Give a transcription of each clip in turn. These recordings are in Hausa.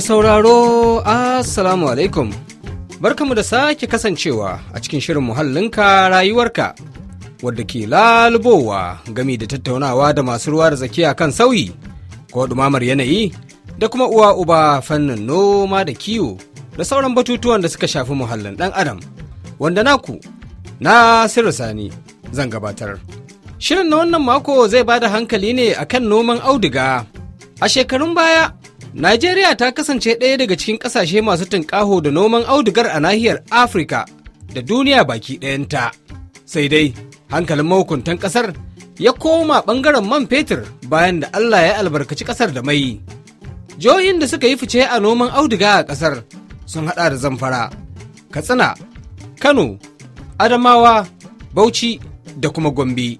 Mai sauraro, Assalamu alaikum. Barkamu da sake kasancewa a cikin shirin muhallinka rayuwarka, wadda ke lalubowa gami da tattaunawa da masu ruwa da a kan sauyi, ko ɗumamar yanayi, da kuma uwa uba fannin noma da kiwo, da sauran batutuwan da suka shafi muhallin ɗan adam, wanda naku, na Sani zan gabatar. Shirin na wannan mako zai ba da hankali ne akan noman auduga. A shekarun baya, Najeriya ta kasance ɗaya daga cikin ƙasashe masu tunƙaho da noman audugar a nahiyar Afirka da duniya baki ɗayanta. Sai dai, hankalin mahukuntan ƙasar ya koma ɓangaren man fetur bayan da Allah ya albarkaci ƙasar da mai. Jihohin da suka yi fice a noman auduga a ƙasar sun haɗa da Zamfara, Katsina, Kano, Adamawa, Bauchi da kuma Gombe.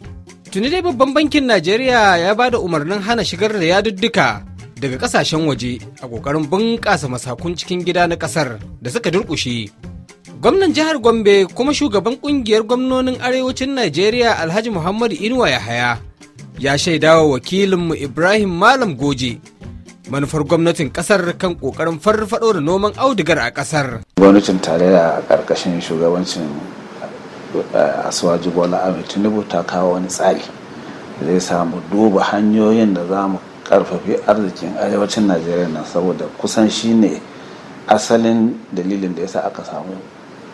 Tuni dai babban bankin Najeriya ya ba da umarnin hana shigar da yadudduka daga kasashen waje a ƙoƙarin bunƙasa masakun cikin gida na ƙasar da suka durƙushe. Gwamnan jihar Gombe kuma shugaban ƙungiyar gwamnonin arewacin Najeriya Alhaji Muhammadu Inuwa Yahaya ya shaidawa wakilinmu Ibrahim Malam Goje manufar gwamnatin ƙasar kan ƙoƙarin farfaɗo da noman audigar a kasar. gwamnatin tarayya a karkashin shugabancin eh, asuwaji bola ahmed tinubu ta kawo wani tsari zai samu duba hanyoyin da za mu karfafi arzikin arewacin najeriya na saboda kusan shi ne asalin dalilin da ya sa aka samu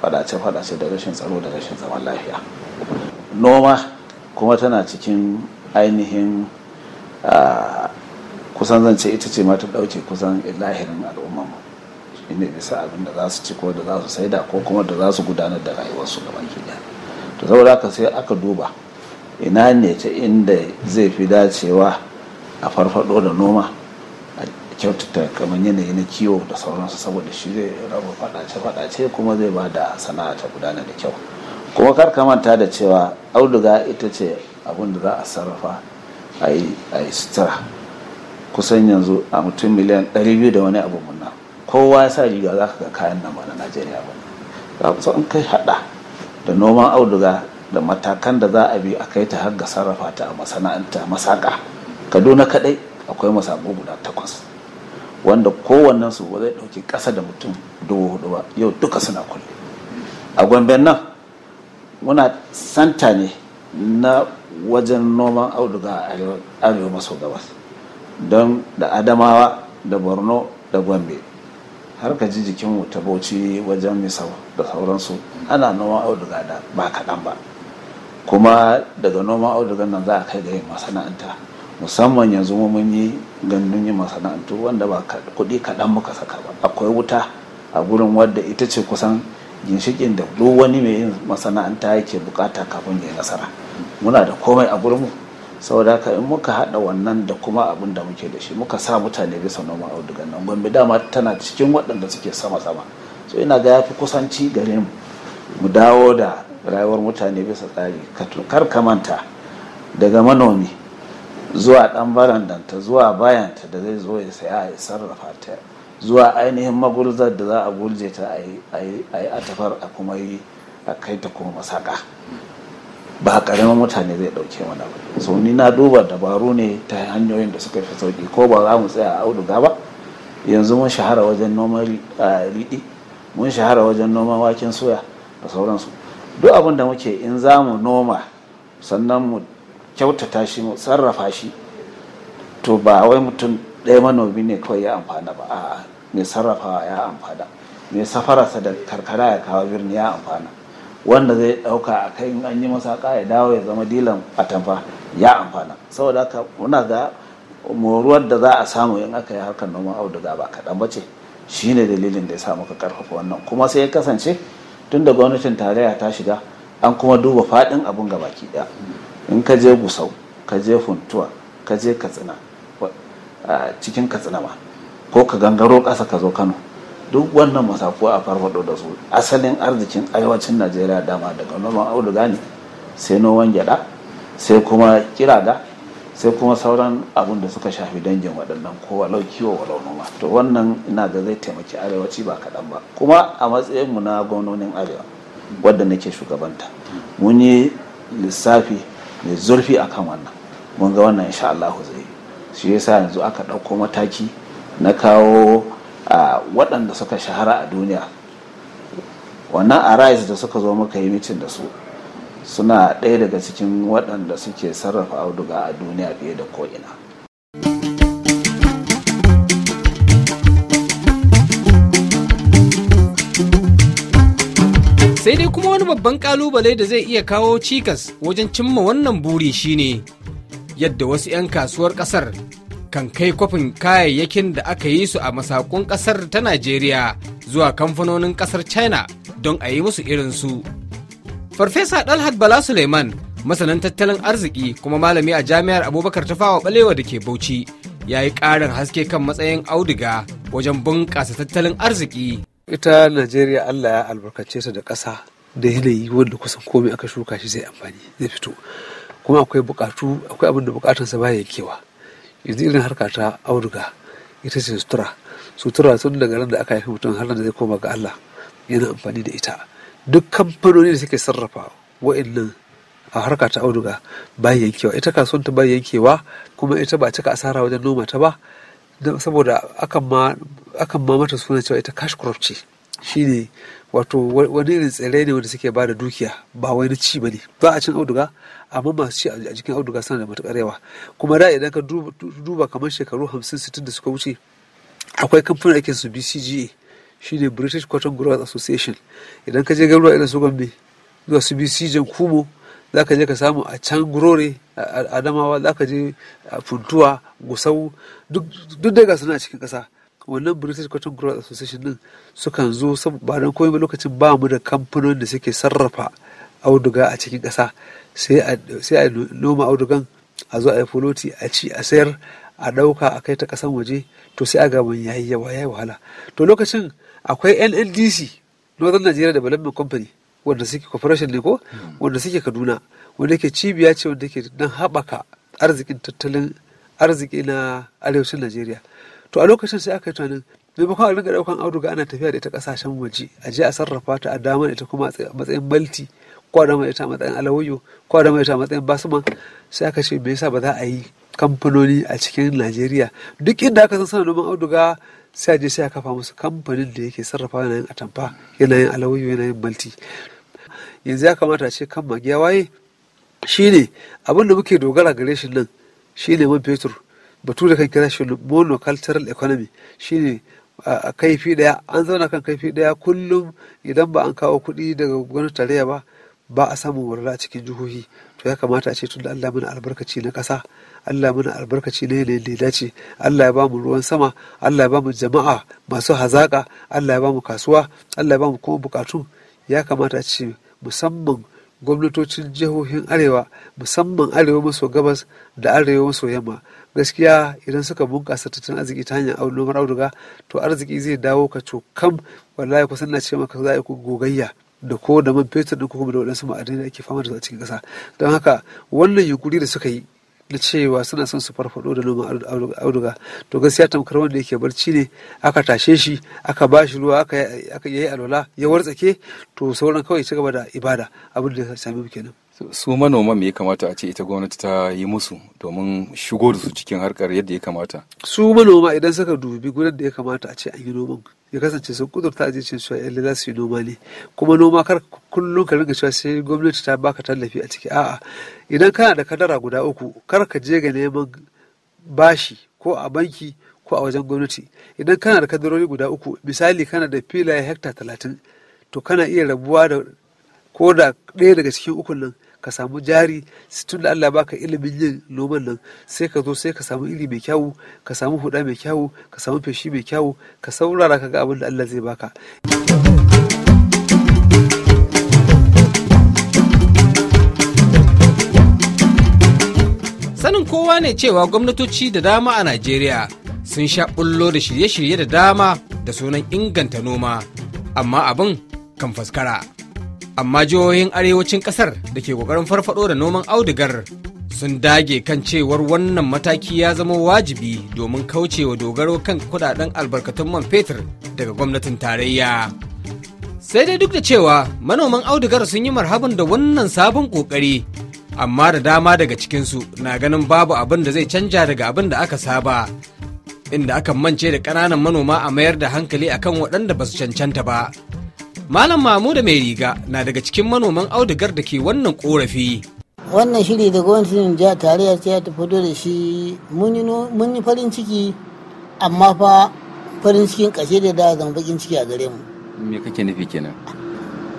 fadace-fadace da rashin tsaro da rashin zaman lafiya noma kuma tana cikin ainihin kusan zance ita ce mata dauke kusan lahirin al'ummar ne bisa abin da za su ci ko da za su saida ko kuma da za su gudanar da rayuwarsu ga baki to saboda aka sai aka duba ina ne ta inda zai fi dacewa a farfado da noma a kyautata kamar yanayi na kiwo da sauransu saboda shi zai rabu fadace-fadace kuma zai ba da sana'a ta gudana da kyau kuma kar ka manta da cewa auduga ita ce abin da za a sarrafa a yi sutura kusan yanzu a mutum miliyan 200 da wani abu munna kowa ya sa riga za ka ga kayan nan ba na najeriya ba za in kai hada da noman auduga da matakan da za a bi a kai ta har ga sarrafa ta a masana'anta masaka kaduna kadai akwai masabo guda takwas wanda kowannen su ba zai dauki kasa da mutum dubu hudu ba yau duka suna kulle a gwamben nan muna santa ne na wajen noman auduga a arewa maso gabas don da adamawa da borno da gombe har ka ji jikin ta bauchi wajen misau da sauransu ana noman auduga da ba kaɗan ba kuma daga noman auduga nan za a kai ga yin masana'anta musamman yanzu mun yi gandun yi masana'antu wanda ba kuɗi kaɗan muka saka ba akwai wuta a gurin wadda ita ce kusan ginshikin da duk wani mai yin masana'anta yake bukata kafin ya nasara muna da komai a mu saboda haka in muka haɗa wannan da kuma abin da muke da shi muka sa mutane bisa noman audugan nan gombe dama tana cikin waɗanda suke sama sama so ina ga yafi kusanci gare mu mu dawo da rayuwar mutane bisa tsari kar ka manta daga manomi zuwa dan barandanta zuwa bayanta da zai zo ya saya ya sarrafa ta zuwa ainihin magurzar da za a gurje ta a yi atafar a kuma yi a kai ta kuma masaka ba karamin mutane zai dauke mana ba so ni na duba dabaru ne ta hanyoyin da suka fi sauki ko ba za mu tsaya a auduga ba yanzu mun shahara wajen noman riɗi mun shahara wajen noman waken soya da sauransu duk abin da muke in za mu noma sannan mu kyautata shi mu sarrafa shi to ba wai mutum ɗaya manomi ne kawai ya amfana ba a'a mai sarrafawa ya amfana mai safararsa da karkara ya kawo birni ya amfana wanda zai ɗauka a kai in an yi masa ya dawo ya zama dilan atamfa ya amfana saboda haka muna ga moruwar da za a samu in aka yi harkar noman auduga ba kaɗan ba ce ne dalilin da ya sa muka ƙarfafa wannan kuma sai ya kasance tun da gwamnatin tarayya ta shiga an kuma duba faɗin abin gabaki ɗaya in ka je gusau ka je funtuwa ka je katsina a cikin katsina ma ko ka gangaro ƙasa ka zo kano duk wannan masafu a farfado da su asalin arzikin arewacin najeriya dama daga noman auduga ne sai noman gyada sai kuma kiraga sai kuma sauran abin da suka shafi dangin waɗannan ko walau kiwo walau noma to wannan ina da zai taimaki arewaci ba kaɗan ba kuma a matsayinmu na gwamnonin arewa wadda nake shugabanta mun yi lissafi mai zurfi akan wannan mun ga wannan insha Allah zai shi yasa yanzu aka ɗauko mataki na kawo a waɗanda suka shahara a duniya wannan arise da suka zo muka yi mitin da su suna ɗaya daga cikin waɗanda suke sarrafa auduga a duniya fiye da ko'ina sai dai kuma wani babban kalubale da zai iya kawo cikas wajen cimma wannan buri shine yadda wasu 'yan kasuwar ƙasar kan kai kwafin kayayyakin da aka yi su a masakun ƙasar ta najeriya zuwa kamfanonin ƙasar china don a yi musu irinsu farfesa dalhat bala suleiman masanin tattalin arziki kuma malami a jami'ar abubakar ta tafawa balewa da ke bauchi ya yi ƙarin haske kan matsayin auduga wajen bunƙasa tattalin arziki ita najeriya allah ya albarkace ta da ƙasa da yanayi wanda kusan komai aka shuka shi zai amfani zai fito kuma akwai bukatu akwai abin da sa baya yankewa yanzu irin harka ta auduga ita ce sutura sutura sun daga nan da aka haifi mutum har da zai koma ga allah yana amfani da ita duk kamfanoni da suke sarrafa wa'annan a harka ta auduga ba yankewa ita kasuwanta ba yankewa kuma ita ba cika asara wajen noma ta ba saboda akan ma mata suna cewa ita cash crop ce shine wato wani irin tsirrai ne wanda suke bada dukiya ba wai na ci ne ba a cin auduga amma masu ci a jikin auduga suna da matukar yawa kuma da idan ka duba kamar shekaru 50 60 da suka wuce akwai kamfanin ake su BCGA shine British Cotton Growers Association idan ka je garuruwa irin su Gombe zuwa su BCG Kumo za ka je ka samu a can gurore a adamawa za ka je a funtuwa gusau duk da ga suna cikin ƙasa wannan british cotton growers association din sukan zo ba don komai ba lokacin ba mu da kamfanonin da suke sarrafa auduga a cikin ƙasa sai a noma audugan a zo a yi foloti a ci a sayar a ɗauka a kai ta ƙasan waje to sai a gaban yayi yawa yayi wahala to lokacin akwai nldc northern nigeria development company wadda suke kwafarashin ne ko hmm. wadda suke kaduna wadda ke cibiya ce wadda yake don haɓaka arzikin tattalin arziki na arewacin najeriya to a lokacin sai aka yi tunanin maimakon a ringa daukan auduga ana tafiya da ita kasashen waje a je a sarrafa ta a dama ita kuma a matsayin malti ko a ita a matsayin alawayo ko a ita a matsayin basuma sai aka ce me yasa ba za a yi kamfanoni a cikin najeriya duk inda aka san sana noman auduga sai a je sai a kafa musu kamfanin da yake sarrafa yanayin atamfa yanayin alawayo yanayin malti yanzu ya kamata ce kan magiya waye shine abin da muke dogara gare shi nan shine man fetur batu da kan kira shi monocultural economy shine a kaifi daya an zauna kan kaifi daya kullum idan ba an kawo kuɗi daga gwanar tarayya ba ba a samun warra a cikin jihohi to ya kamata a ce tun da Allah mana albarkaci na kasa Allah mana albarkaci na yanayin da ya dace Allah ya ba mu ruwan sama Allah ya ba mu jama'a masu hazaƙa Allah ya ba mu kasuwa Allah ya ba mu kuma bukatu ya kamata a ce musamman gwamnatocin jihohin arewa musamman arewa maso gabas da arewa maso yamma gaskiya idan suka bunkasa tattalin arziki ta hanyar nomar auduga to arziki zai dawo ka cokam wallahi kusan na ce maka za a yi gogayya da ko da man fetur da kuma da waɗansu ma'adanai da ake fama da su a cikin ƙasa don haka wannan yunkuri da suka yi na cewa suna son su farfado da noman auduga to gaskiya tamkar wanda yake barci ne aka tashe shi aka ba shi ruwa aka yi alwala ya wartsake to sauran kawai ci gaba da ibada abin da ya sami kenan su manoma me ya kamata a ce ita gwamnati ta yi musu domin shigo da su cikin harkar yadda ya kamata su manoma idan suka dubi gudan da ya kamata a ce an yi noman ya kasance sun kudurta a jikin su a za su yi noma ne kuma noma kar kullum ka ringa cewa sai gwamnati ta baka tallafi a ciki a'a idan kana da kadara guda uku kar ka je ga neman bashi ko a banki ko a wajen gwamnati idan kana da kadarori guda uku misali kana da filaye hekta talatin to kana iya rabuwa da ko da ɗaya daga cikin ukun nan ka samu jari tun da Allah baka ilimin yin noman nan sai ka zo sai ka samu iri mai kyau ka samu huda mai kyawu ka samu feshi mai kyau ka saurara ka ga abin da Allah zai baka sanin kowa ne cewa gwamnatoci da dama a Najeriya sun sha bullo da shirye-shirye da dama da sunan inganta noma amma abin kan faskara. amma jihohin arewacin kasar da ke kokarin farfado da noman audigar sun dage kan cewar wannan mataki ya zama wajibi domin kaucewa dogaro kan kudaden albarkatun man fetur daga gwamnatin tarayya sai dai duk da cewa manoman audigar sun yi marhaban da wannan sabon kokari amma da dama daga cikinsu na ganin babu abin da zai canja daga abin da aka saba inda aka mance da ƙananan manoma a mayar da hankali akan waɗanda ba su cancanta ba Malam Mamu da mai riga na daga cikin manoman audigar da ke wannan korafi. Wannan shiri da gwamnatin jiha tarayya ce ta fito da shi mun yi farin ciki amma fa farin cikin kashe da da zan bakin ciki a gare mu. Me kake nufi kenan?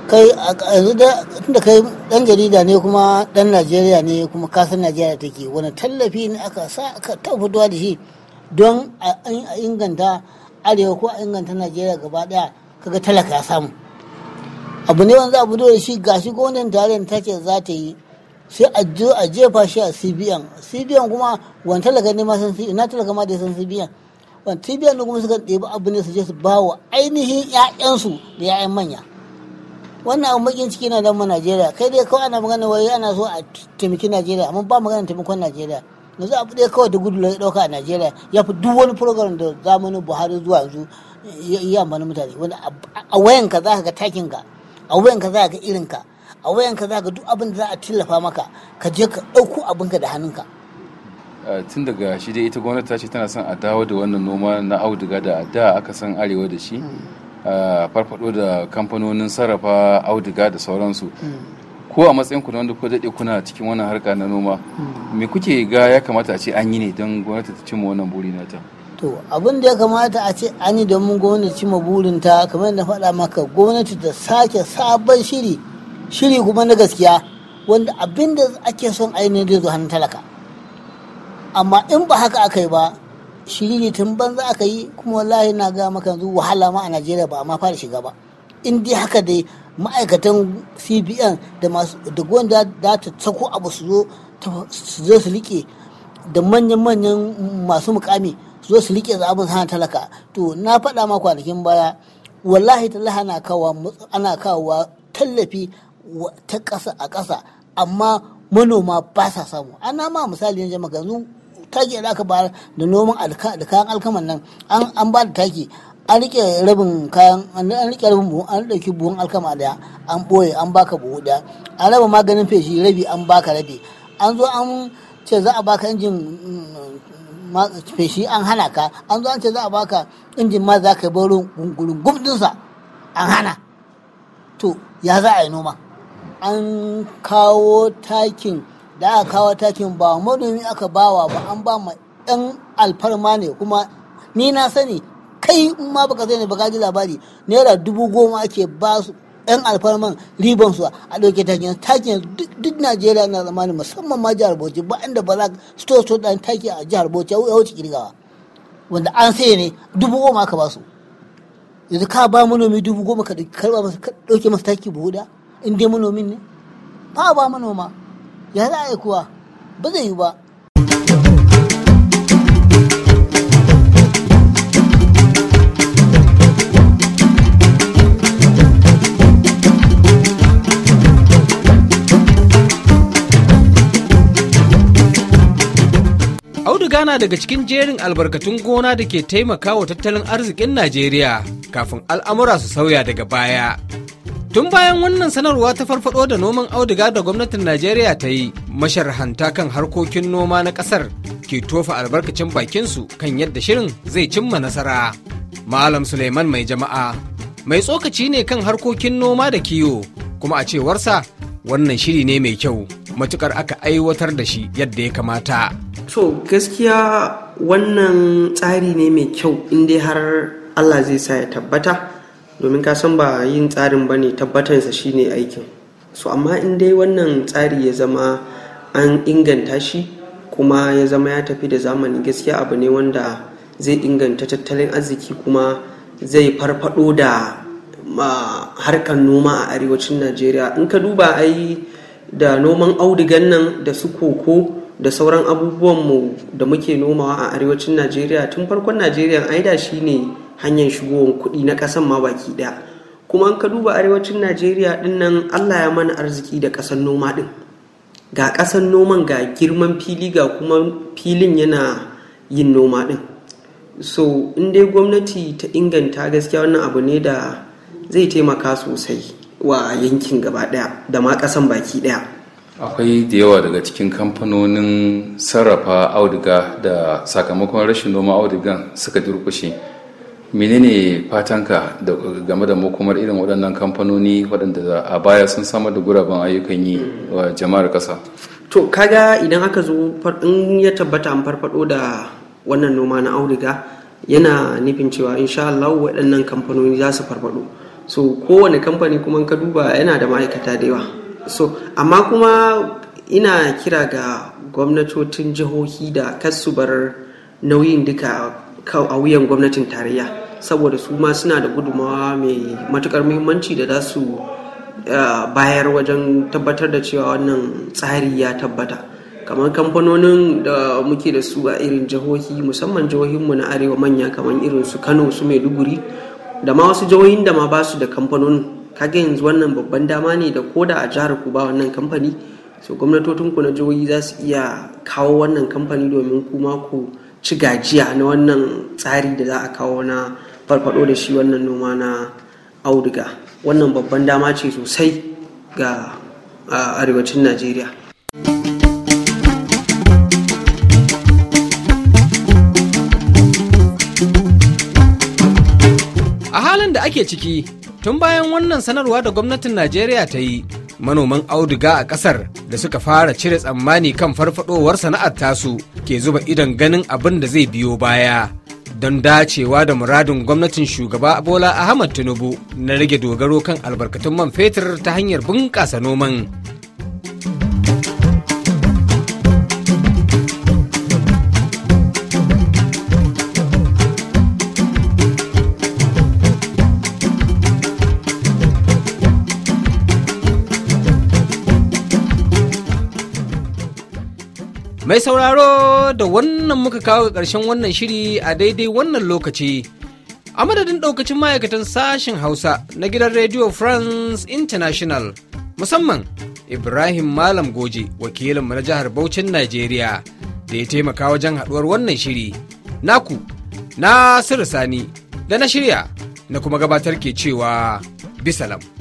Kai a yanzu tunda kai dan jarida ne kuma dan Najeriya ne kuma kasar Najeriya take wani tallafi ne aka sa aka ta fitowa da shi don a inganta arewa ko a inganta Najeriya gaba daya kaga talaka ya samu. abu ne wanda abu da shi gashi gwamnatin tarin ta ce za ta yi sai a je a jefa shi a cbn cbn kuma wani talaka ne ma san cbn na talaka ma da san cbn wani cbn ne kuma suka ɗebi abu ne su je su ba wa ainihin 'ya'yansu da 'ya'yan manya wannan abu bakin ciki na mu najeriya kai dai kawai ana magana wai ana so a taimaki najeriya amma ba magana taimakon najeriya yanzu abu ɗaya kawai da gudu ya ɗauka a najeriya ya fi duk wani program da zamanin buhari zuwa yanzu ya amfani mutane wani a wayanka za ka ga ka. a wayanka za ga ka a wayanka za ga duk abin da za a tallafa maka ka je ka ɗauko abinka da hannunka tun daga shi dai ita gwamnati ta ce tana son a dawo da wannan noma na auduga da da aka san arewa da shi a farfado da kamfanonin sarrafa auduga da sauransu hmm. ko a matsayin ku na wanda ko daɗe kuna cikin wannan harka na noma hmm. me kuke ga ya kamata a ce an yi ne don gwamnati ta cimma wannan buri nata to abin da ya kamata a ce an da domin gwamnati ma burinta kamar na faɗa maka gwamnati ta sake sabon shiri shiri kuma na gaskiya wanda abin da ake son ainihin zai zo hannun talaka amma in ba haka aka yi ba shiri tun banza aka yi kuma wallahi na ga maka yanzu wahala ma a najeriya ba amma fara shiga ba in dai haka dai ma'aikatan cbn da masu da gwanda da ta sako abu su zo su rike da manyan-manyan masu mukami zo su rike zaɓin hana talaka to na faɗa ma kwanakin baya wallahi ta ana kawo ana kawa tallafi ta ƙasa a ƙasa amma manoma ba sa samu ana ma misali na jama'a yanzu taki da aka bayar da noman kayan alkaman nan an ba da taki an rike rabin kayan an rike rabin buhu an dauki buhun alkama daya an ɓoye an baka buhu daya an raba maganin feshi rabi an baka rabi an zo an ce za a baka injin mm, feshi an hana ka an zo an ce za a baka injin ma za ka yi gungurun gumdinsa an hana to ya za a yi noma an kawo takin da aka kawo takin ba manomi aka bawa ba an ba ma yan alfarma ne kuma ni na sani kai ma baka ne baka ji labari naira dubu goma ake ba su 'yan alfarman su a ɗauke takin takin duk najeriya na zamani musamman ma jihar bauchi ba inda ba za su to dan taki a jihar bauchi ya wuce kirgawa wanda an saye ne dubu goma ka ba su yanzu ka ba manomi dubu goma ka karba masa ka ɗauke masa taki buhu da in dai manomin ne ba ba manoma ya za a yi kuwa ba zai yi ba Auduga na daga cikin jerin albarkatun gona da ke taimakawa tattalin arzikin Najeriya kafin al'amura su sauya daga baya. Tun bayan wannan sanarwa ta farfado da noman auduga da gwamnatin Najeriya ta yi, masharhanta kan harkokin noma na ƙasar ke tofa albarkacin bakinsu kan yadda shirin zai cimma nasara. Malam Suleiman mai jama'a, mai tsokaci ne kan harkokin noma da kiwo, kuma a cewarsa wannan shiri ne mai kyau, matukar aka aiwatar da shi yadda ya kamata. so gaskiya wannan tsari ne mai kyau inda har allah zai sa ya tabbata domin ka san ba yin tsarin ba ne tabbatansa shine aikin so amma in dai wannan tsari ya zama an inganta shi kuma ya zama ya tafi da zamani gaskiya abu ne wanda zai inganta tattalin arziki kuma zai farfado da harkar noma a arewacin najeriya in ka duba ai da noman audigan nan da su koko da sauran abubuwanmu da muke nomawa a arewacin najeriya tun farkon najeriya aida ne hanyar shigowar kuɗi na ƙasan ma baki ɗaya kuma an ka duba arewacin najeriya ɗin nan allah ya mana arziki da ƙasan noma ɗin ga ƙasan noman ga girman fili ga kuma filin yana yin noma ɗin so in dai gwamnati ta inganta gaskiya wannan abu ne da zai taimaka sosai wa yankin gaba ɗaya da ma ƙasan baki ɗaya akwai da yawa daga cikin kamfanonin sarrafa auduga da sakamakon rashin noma audugan suka durkushe menene fatanka game da makomar irin waɗannan kamfanoni waɗanda a baya sun samar da guraben ayyukan yi wa jama'ar ƙasa to kaga idan aka zo in ya tabbata an farfado da wannan noma na auduga yana nufin cewa insha Allah waɗannan kamfanoni za su farfado so kowane kamfani kuma ka duba yana da ma'aikata da yawa so amma kuma ina kira ga gwamnatocin jihohi da kasu bar nauyin duka a wuyan gwamnatin tarayya saboda su ma suna da gudumawa mai matukar muhimmanci da za su eh, bayar wajen tabbatar da cewa wannan tsari ya tabbata kamar kamfanonin da muke da su a irin jihohi musamman jihohinmu na arewa manya kamar irin su kano su maiduguri da ma wasu jihohin da ma ba su da kamfanonin kaga yanzu wannan babban dama ne da koda a jihar ku ba wannan kamfani so gwamnatotin ku na jihohi za su iya kawo wannan kamfani domin kuma ku ci gajiya na wannan tsari da za a kawo na farfado da shi wannan noma na auduga wannan babban dama ce sosai ga arewacin najeriya a halin da ake ciki tun bayan wannan sanarwa da gwamnatin najeriya ta yi manoman auduga a ƙasar da suka fara cire tsammani kan farfadowar sana'ar tasu ke zuba idon ganin abin da zai biyo baya don dacewa da muradin gwamnatin shugaba bola ahmad tinubu na rage dogaro kan albarkatun man fetur ta hanyar bunƙasa noman Mai sauraro da wannan muka kawo ga ƙarshen wannan shiri a daidai wannan lokaci. A madadin ɗaukacin ma'aikatan sashen Hausa na gidan Radio France International, musamman Ibrahim Malam Goje, wakilinmu na jihar Bauchin Najeriya, da ya taimaka wajen haɗuwar wannan shiri. Naku, Nasiru Sani, da na shirya, na kuma gabatar ke cewa, Bisalam.